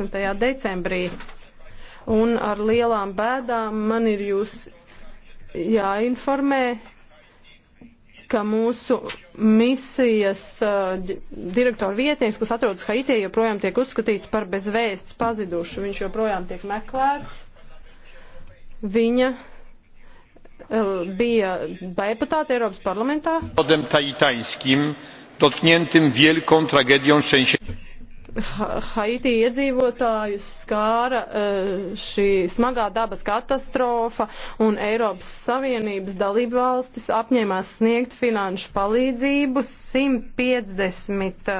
18. decembrī. Un ar lielām bēdām man ir jūs jāinformē, ka mūsu misijas uh, direktora vietnieks, kas atrodas Haitī, joprojām tiek uzskatīts par bezvēsts pazidušu. Viņš joprojām tiek meklēts. Viņa uh, bija deputāte Eiropas parlamentā. Dotkniętym wielką tragedią szczęścia. Haiti iedzīvotājus skāra e, šī smagā dabas katastrofa, un Eiropas Savienības dalību valstis apņēmās sniegt finanšu palīdzību 150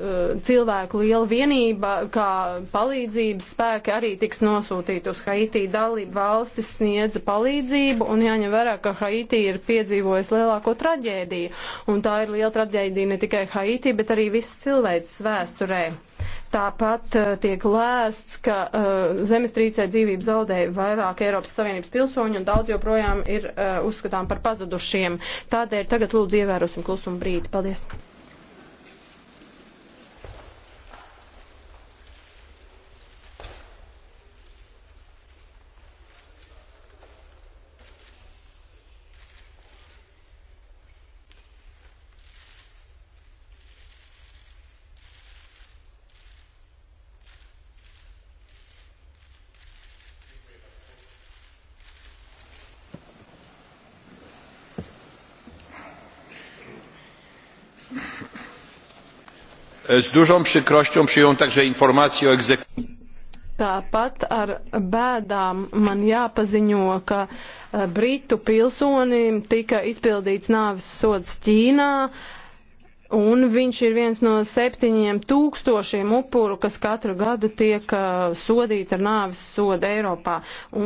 Eh, cilvēku liela vienība, kā palīdzības spēki arī tiks nosūtīti uz Haiti. Dalība valstis sniedza palīdzību un jāņem vērā, ka Haiti ir piedzīvojis lielāko traģēdiju. Un tā ir liela traģēdija ne tikai Haiti, bet arī visas cilvēces vēsturē. Tāpat uh, tiek lēsts, ka uh, zemestrīcē dzīvību zaudēja vairāk Eiropas Savienības pilsoņu un daudz joprojām ir uh, uzskatām par pazudušiem. Tādēļ tagad lūdzu ievērosim klusumu brīdi. Paldies! Z dużą przykrością przyjąłem także informację o egzekucji. Tāpat ar bēdām man jāpaziņo, ka e, Britu pilsonim tika izpildīts nāves sods Ķīnā. Un viņš ir viens no septiņiem tūkstošiem upuru, kas katru gadu tiek uh, sodīti ar nāvis sodu Eiropā.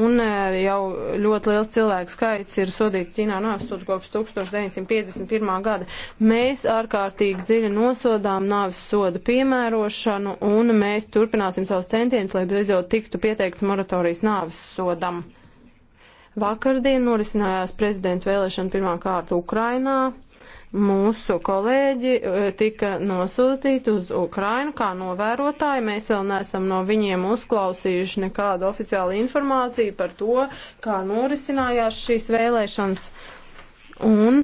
Un uh, jau ļoti liels cilvēku skaits ir sodīti Ķīnā nāvis sodu kopš 1951. gada. Mēs ārkārtīgi dziļi nosodām nāvis sodu piemērošanu un mēs turpināsim savus centienus, lai beidzot tiktu pieteikts moratorijas nāvis sodam. Vakardien norisinājās prezidenta vēlēšana pirmā kārta Ukrainā mūsu kolēģi e, tika nosūtīti uz Ukrainu kā novērotāji. Mēs vēl neesam no viņiem uzklausījuši nekādu oficiālu informāciju par to, kā norisinājās šīs vēlēšanas. Un